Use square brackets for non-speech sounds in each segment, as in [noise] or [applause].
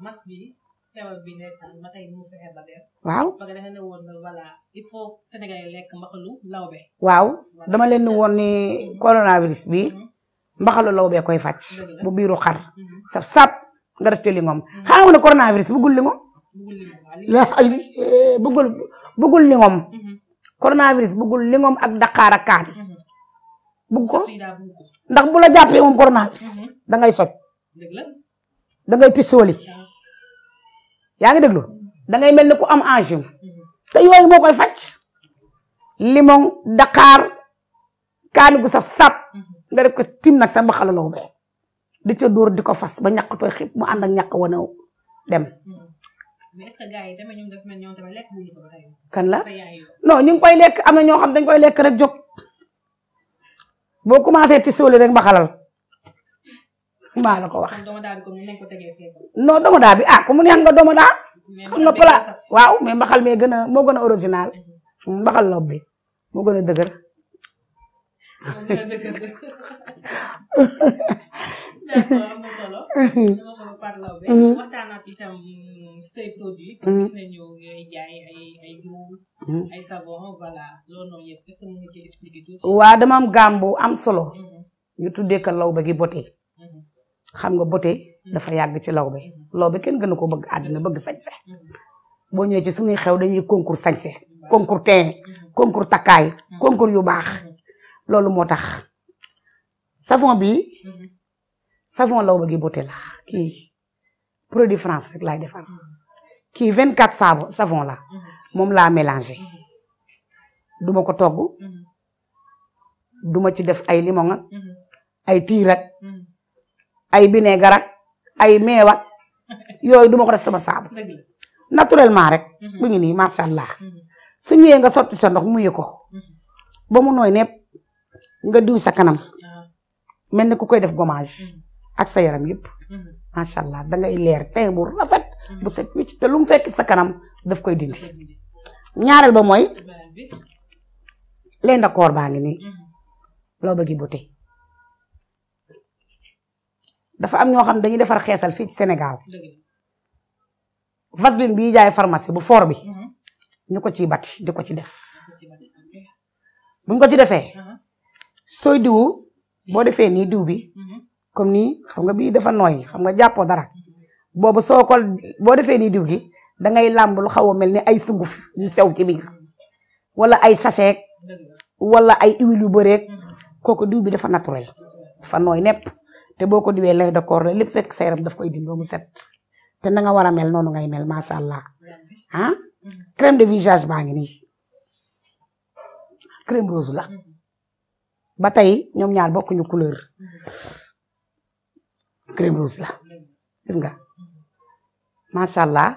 mas waaw dama leen woon ni mhm. coronavirus bi mhm. mbaxalu lawbe koy fàcc. bu biiru xar. Mhm. saf sap nga def ci li moom. xanaa ne coronavirus bëggul li moom. coronavirus bëggul li moom ak daqaar ak kaan. bëgg ko ndax bu la jàppee moom coronavirus. da soj. da ngay yaa ngi déglu da ngay mel ni ku am enjeu te yooyu moo koy faj limon Dakar kaani gu saf sap nga def ko tim nag sa baxala law be di ca dóor di ko fas ba ñàkk tooy xib mu ànd ak ñàkk wane dem. mais est-ce que gars yi kan la non ñu ngi koy lekk am na ñoo xam dañ koy lekk rek jóg boo commencé ci sóoli rek ba maa la ko wax. non domoda bi ah ku mu neex nga domoda. xam nga place waaw mais mbaxal mee gën a moo gën a original. Mhm. Hmm, mbaxal lob bi [laughs] am na solo dama mhm. ko law ba gi bote xam nga beauté mm. dafa yàgg ci law bi law bi kenn gën a ko bëgg àddina bëgg sañse boo ñëwee ci suñuy xew dañuy concours sañse concours teint concours takkaay mm. concours yu baax mm. loolu moo tax savon bi mm-hmm. savon law ba gi beauté la kii produit France rek laay defar kii 24 saabu savon la mm-hmm. moom laa mélangé mm-hmm. duma ko togg duma ci def ay limon ay tiir ay bineegar ak ay meew ak yooyu duma ko def sama saabu naturellement rek bu mhm. ngi nii macha allah mhm. su ñëwee nga sotti sa ndox mu yëg ko mhm. ba mu nooy nepp nga diw sa kanam ah. mel ni ku koy def gommage ak sa yaram yëpp macha allah dangay leer teint bu rafet bu set wicc te lu mu fekk sa kanam daf koy dindi ñaareel ba mooy leen d'accord baa ngi nii loo bëggi beauté dafa am ñoo xam dañuy defar xeesal fii ci Sénégal vaseline bi jaay pharmacie bu foor bi mhm. ñu ko ciy bati di ko ci def buñ ko ci defee mhm. sooy diwu boo defee nii diw bi mhm. comme nii xam nga bii dafa nooy xam nga jàppoo dara boobu soo ko boo defee nii diw gi dangay ngay làmb mel ni ay sunguf yu sew ci biir wala ay sachet wala ay huile yu bëreeg kooku diw bi dafa naturel dafa nooy nepp. te boo ko diwee lait de corps la lépp fekk da yaram daf koy dindi ba set te na nga war a mel noonu ngay mel macha allah ah crème de visage baa ngi nii crème rose la ba tey ñoom ñaar bokkuñu couleur crème rose la gis nga macha allah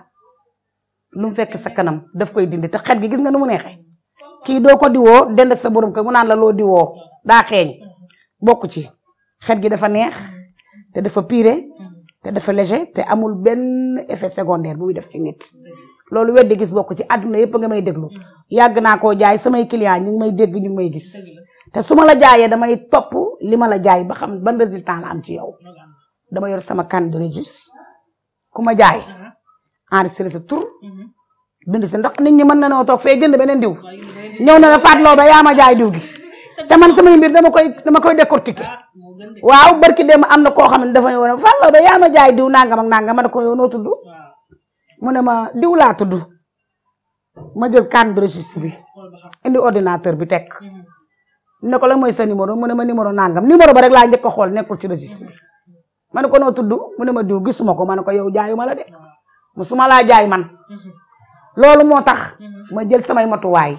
lu mu fekk sa kanam daf koy dindi te xet gi gis nga nu mu neexee kii doo ko diwoo dend ak sa borom kër mu naan la loo diwoo daa xeeñ bokku ci. xet gi dafa neex te dafa piire te dafa léger te amul benn effet secondaire bu muy def ci nit loolu weddi gis bokk ci àdduna yëpp nga may déglu yàgg naa koo jaay samay client ñu ngi may dégg ñu ngi may gis te su ma la jaayee damay topp li ma la jaay ba xam ban résultat la am ci yow dama yor sama kan de registre ku ma jaay enregistré sa tur bind si ndax nit ñi mën na noo toog fee jënd beneen diw ñëw na faat loo ba yaa jaay diw gi te man sama mbir dama koy dama koy décortiquer ah, waaw barki dem am na koo xam ne dafa ne woon fan la ba yaa ma jaay diw nangam ak nangam ma ne ko yow noo tudd ma diw laa tudd ma jël carte de registre bi indi ordinateur bi teg mhm. ne la mooy sa numéro mu ne ma numéro nangam numéro ba rek laa njëkk a xool nekkul ci registre ma ne ko noo tudd mu ne ma diw gisuma ko man ne ko yow jaayu ma la de suma laa jaay man mhm. loolu moo tax mhm. ma jël samay matuwaay.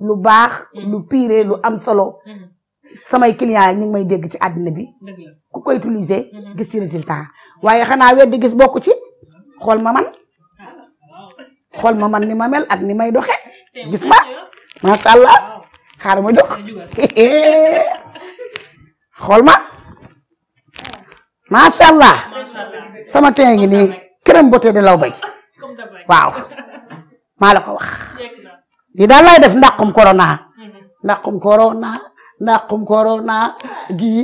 lu baax mm-hmm. lu piire lu am solo mm-hmm. samay clients yi ñu ngi may dégg ci àddina bi ku ko utiliser mm-hmm. gis ci résultat waaye xanaa weddi gis bokku ci xool ma man ah, xool ma man ni ma mel ak ni may doxe gis ma macha allah ma jóg [laughs] ma macha allah sama tey ngi nii crème beauté de Laobé waaw [laughs] maa la ko wax. lii daal lay def ndàqum corona mhm. ndàqum corona ndàqum corona gi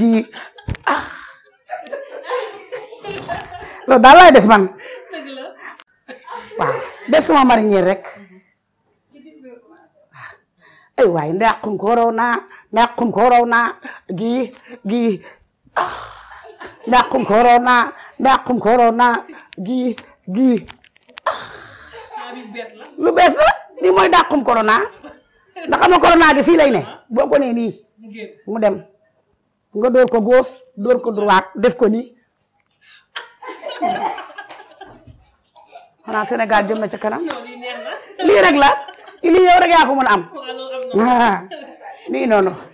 gi ah. daal lay def man waaw des sama marinière rek ay waay ndàqum corona ndàqum corona gi gi ah ndàqum corona ndàqum corona ah. lu bees la. lii mooy dàqum corona ndax xam nga corona gi fii lay ne boo ko nii mu dem nga dóor ko gauche dóor ko droite def ko nii xanaa senegal jëm na ca kanam lii rek la lii yow rek yaa ko mën am nii ah, noonu.